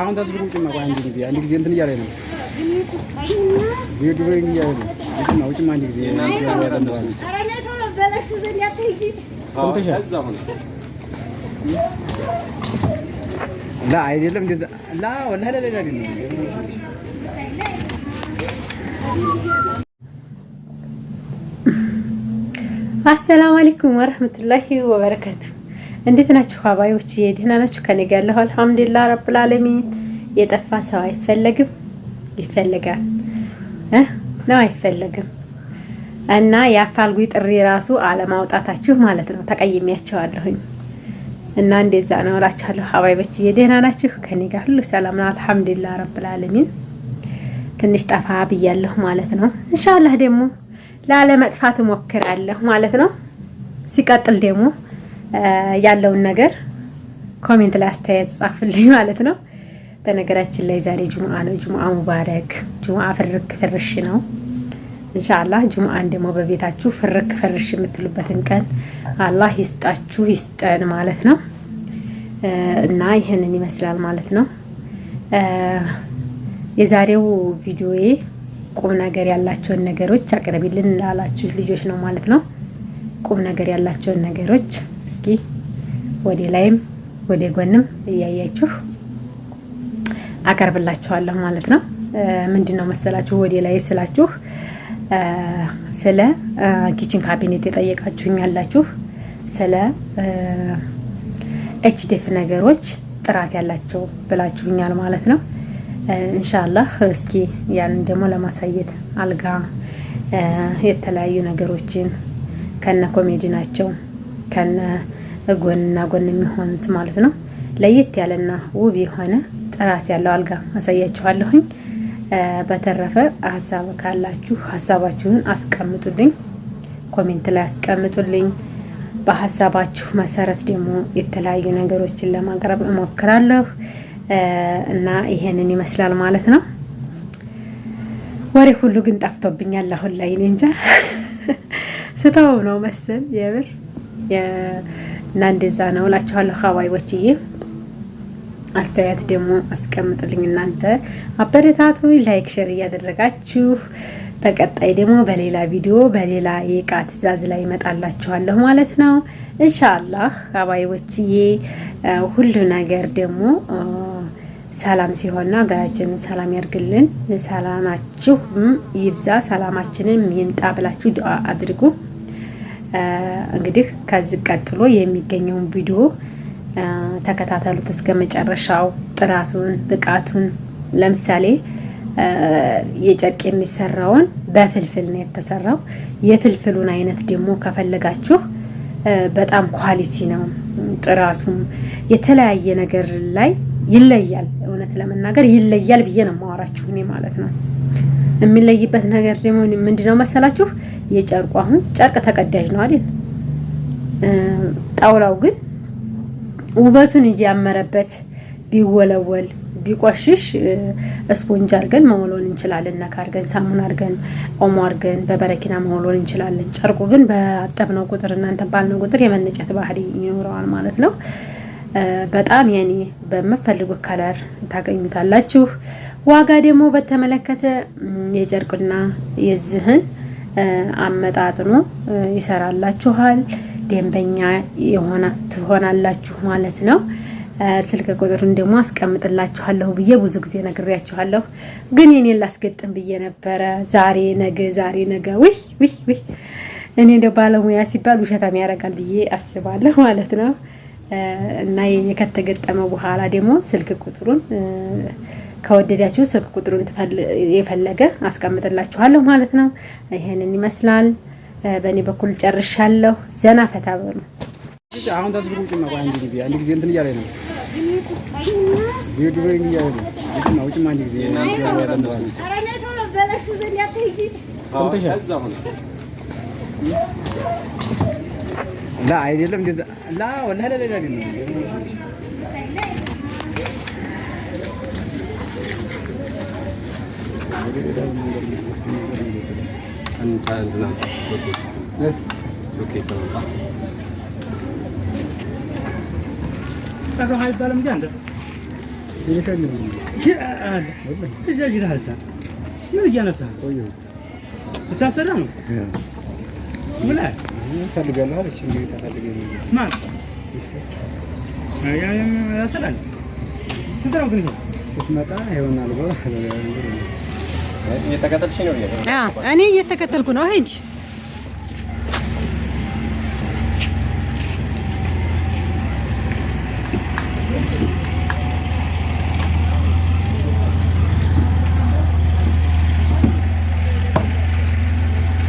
አሁን ታስብሩ ውጭ ነው። አንድ ጊዜ አንድ ጊዜ እንትን እያለ ነው ቪዲዮ እያለ ነው። ውጭ ነው ውጭ አንድ ጊዜ ላ አይደለም እንደዛ ላ ወላ አሰላሙ አለይኩም ወራህመቱላሂ ወበረካቱ እንዴት ናችሁ አባዮች? ደህና ናችሁ? ከኔ ጋር ያለሁ አልሐምዱሊላህ ረብል ዓለሚን። የጠፋ ሰው አይፈለግም ይፈለጋል ነው አይፈለግም። እና የአፋልጉ ጥሪ ራሱ አለማውጣታችሁ ማለት ነው። ተቀይሜያቸዋለሁኝ እና እንደዛ ነው እላችኋለሁ። አባይበች ደህና ናችሁ? ከኔ ጋር ሁሉ ሰላም ነው አልሐምዱሊላህ ረብል ዓለሚን። ትንሽ ጠፋ ብያለሁ ማለት ነው። ኢንሻአላህ ደግሞ ላለመጥፋት እሞክራለሁ ማለት ነው። ሲቀጥል ደግሞ ያለውን ነገር ኮሜንት ላይ አስተያየት ጻፍልኝ ማለት ነው። በነገራችን ላይ ዛሬ ጁምአ ነው። ጁሙአ ሙባረክ። ጁሙአ ፍርክ ፍርሽ ነው። እንሻአላህ ጁምአን ደግሞ በቤታችሁ ፍርክ ፍርሽ የምትሉበትን ቀን አላህ ይስጣችሁ ይስጠን ማለት ነው። እና ይህንን ይመስላል ማለት ነው። የዛሬው ቪዲዮዬ ቁም ነገር ያላቸውን ነገሮች አቅርቢልን ላላችሁ ልጆች ነው ማለት ነው። ቁም ነገር ያላቸውን ነገሮች እስኪ ወደ ላይም ወደ ጎንም እያያችሁ አቀርብላችኋለሁ ማለት ነው። ምንድን ነው መሰላችሁ ወደ ላይ ስላችሁ ስለ ኪችን ካቢኔት የጠየቃችሁኝ ያላችሁ ስለ ኤችዲኤፍ ነገሮች ጥራት ያላቸው ብላችሁኛል ማለት ነው። ኢንሻላህ እስኪ ያንን ደግሞ ለማሳየት አልጋ የተለያዩ ነገሮችን ከነ ኮሜዲ ናቸው ከነ ጎንና ጎን የሚሆኑት ማለት ነው። ለየት ያለና ውብ የሆነ ጥራት ያለው አልጋ አሳያችኋለሁኝ። በተረፈ ሀሳብ ካላችሁ ሀሳባችሁን አስቀምጡልኝ፣ ኮሜንት ላይ አስቀምጡልኝ። በሀሳባችሁ መሰረት ደግሞ የተለያዩ ነገሮችን ለማቅረብ እሞክራለሁ እና ይሄንን ይመስላል ማለት ነው። ወሬ ሁሉ ግን ጠፍቶብኛል አሁን ላይ እኔ እንጃ ስተው ነው መሰል የብር እና እንደዛ ነው እላችኋለሁ ይህ አስተያየት ደግሞ አስቀምጡልኝ። እናንተ አበረታቱ፣ ላይክ ሼር እያደረጋችሁ በቀጣይ ደግሞ በሌላ ቪዲዮ በሌላ የእቃ ትዕዛዝ ላይ ይመጣላችኋለሁ ማለት ነው። እንሻላህ አባይቦችዬ ሁሉ ነገር ደግሞ ሰላም ሲሆንና ሀገራችንን ሰላም ያርግልን። ሰላማችሁም ይብዛ፣ ሰላማችንም ይምጣ ብላችሁ ዱአ አድርጉ። እንግዲህ ከዚህ ቀጥሎ የሚገኘውን ቪዲዮ ተከታተሉት እስከ መጨረሻው። ጥራቱን፣ ብቃቱን ለምሳሌ የጨርቅ የሚሰራውን በፍልፍል ነው የተሰራው። የፍልፍሉን አይነት ደግሞ ከፈለጋችሁ በጣም ኳሊቲ ነው። ጥራቱም የተለያየ ነገር ላይ ይለያል። እውነት ለመናገር ይለያል ብዬ ነው የማወራችሁ እኔ ማለት ነው። የሚለይበት ነገር ደግሞ ምንድነው መሰላችሁ? የጨርቁ አሁን ጨርቅ ተቀዳጅ ነው አይደል? ጣውላው ግን ውበቱን እያመረበት ቢወለወል ቢቆሽሽ እስፖንጅ አድርገን መወልወል እንችላለን። ነካ አድርገን ሳሙን አድርገን ኦሞ አድርገን በበረኪና መወልወል እንችላለን። ጨርቁ ግን በአጠብነው ቁጥር እናንተ ባልነው ቁጥር የመነጨት ባህሪ ይኖረዋል ማለት ነው። በጣም የኔ በምፈልጉት ከለር ታገኙታላችሁ። ዋጋ ደግሞ በተመለከተ የጨርቅና የዝህን አመጣጥኖ ይሰራላችኋል። ደንበኛ ትሆናላችሁ ማለት ነው። ስልክ ቁጥሩን ደግሞ አስቀምጥላችኋለሁ ብዬ ብዙ ጊዜ ነግሬያችኋለሁ፣ ግን የኔን ላስገጥም ብዬ ነበረ። ዛሬ ነገ፣ ዛሬ ነገ፣ ውይ ውይ ውይ። እኔ እንደ ባለሙያ ሲባል ውሸታም ያደርጋል ብዬ አስባለሁ ማለት ነው። እና የኔ ከተገጠመ በኋላ ደግሞ ስልክ ቁጥሩን ከወደዳችሁ ስልክ ቁጥሩን የፈለገ አስቀምጥላችኋለሁ ማለት ነው። ይሄንን ይመስላል። በእኔ በኩል ጨርሻለሁ። ዘና ፈታ በሉ። አሁን ታስብሩ ውጭ ነው። አንድ ጊዜ አንድ ጊዜ እንትን እያለ ነው ቪዲዮ እያለ ነው። ውጭማ ውጭማ አንድ ጊዜ ላ አይደለም ላ ወላ ላ ላ አይደለም አይባልም እንደ ምን ስትመጣ ይሆናል እየተከተልሽ ነው እኔ እየተከተልኩ ነው ሂጅ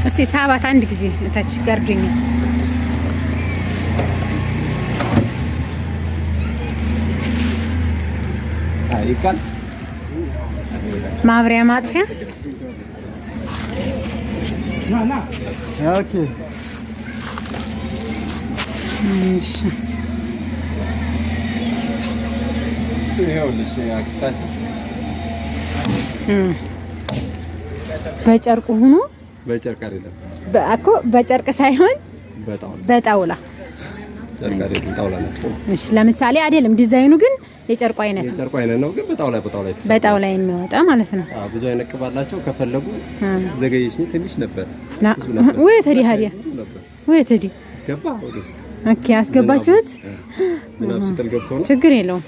እስቲ ሰባት አንድ ጊዜ እታች ጋርዱኝ ይካል ማብሪያ ማጥፊያ ኦኬ። በጨርቁ ሆኖ በጨርቅ አይደለም እኮ በጨርቅ ሳይሆን በጣውላ ለምሳሌ አይደለም ዲዛይኑ ግን የጨርቁ አይነት የጨርቁ አይነት ነው፣ ግን በጣው ላይ በጣው ላይ በጣው ላይ የሚወጣ ማለት ነው። አዎ ብዙ አይነት ቅብ አላቸው። ከፈለጉ ዘገየችኝ ትንሽ ነበር ወይ ተዲ ሀዲያ ወይ ተዲ ገባ ወደ ውስጥ ኦኬ፣ አስገባችሁት። ዝናብ ሲጥል ገብቶ ነው፣ ችግር የለውም።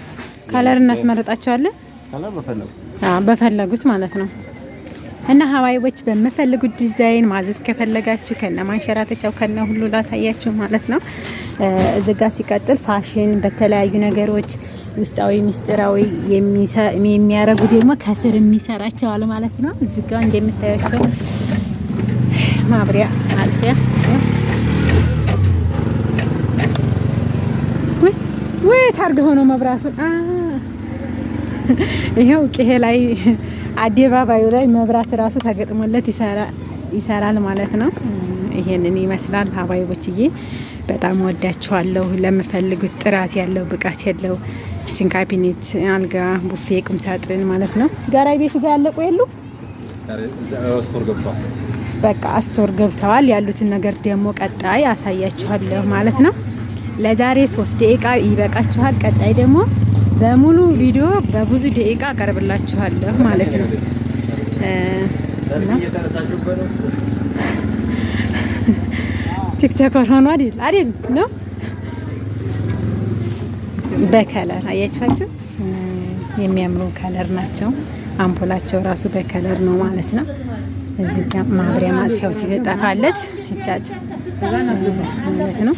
ካለር እናስመረጣቸዋለን፣ ካለር በፈለጉት ማለት ነው። እና ሀዋይዎች በምፈልጉት ዲዛይን ማዘዝ ከፈለጋችሁ ከነ ማንሸራተቻው ከነ ሁሉ ላሳያችሁ ማለት ነው። እዚህ ጋር ሲቀጥል ፋሽን በተለያዩ ነገሮች ውስጣዊ ምስጢራዊ የሚያረጉ ደግሞ ከስር የሚሰራቸዋል ማለት ነው። እዚህ ጋር እንደምታያቸው ማብሪያ ማጥፊያ ወይ ታርገ ሆኖ መብራቱን ይሄው ቄሄ ላይ አደባባዩ ላይ መብራት ራሱ ተገጥሞለት ይሰራል ማለት ነው። ይሄንን ይመስላል ሀባይቦችዬ። በጣም ወዳችኋለሁ። ለምፈልጉት ጥራት ያለው ብቃት ያለው ኪችን ካቢኔት፣ አልጋ፣ ቡፌ፣ ቁምሳጥን ማለት ነው። ጋራይ ቤቱ ጋር ያለቁ የሉ በቃ ስቶር ገብተዋል። ያሉትን ነገር ደግሞ ቀጣይ አሳያችኋለሁ ማለት ነው። ለዛሬ ሶስት ደቂቃ ይበቃችኋል። ቀጣይ ደግሞ በሙሉ ቪዲዮ በብዙ ደቂቃ አቀርብላችኋለሁ ማለት ነው። ቲክቶከር ሆኖ አይደል አይደል ነው። በከለር አያችኋቸው የሚያምሩ ከለር ናቸው። አምፖላቸው ራሱ በከለር ነው ማለት ነው። እዚህ ጋር ማብሪያ ማጥፊያው ሲጠፋለት እቻት ማለት ነው።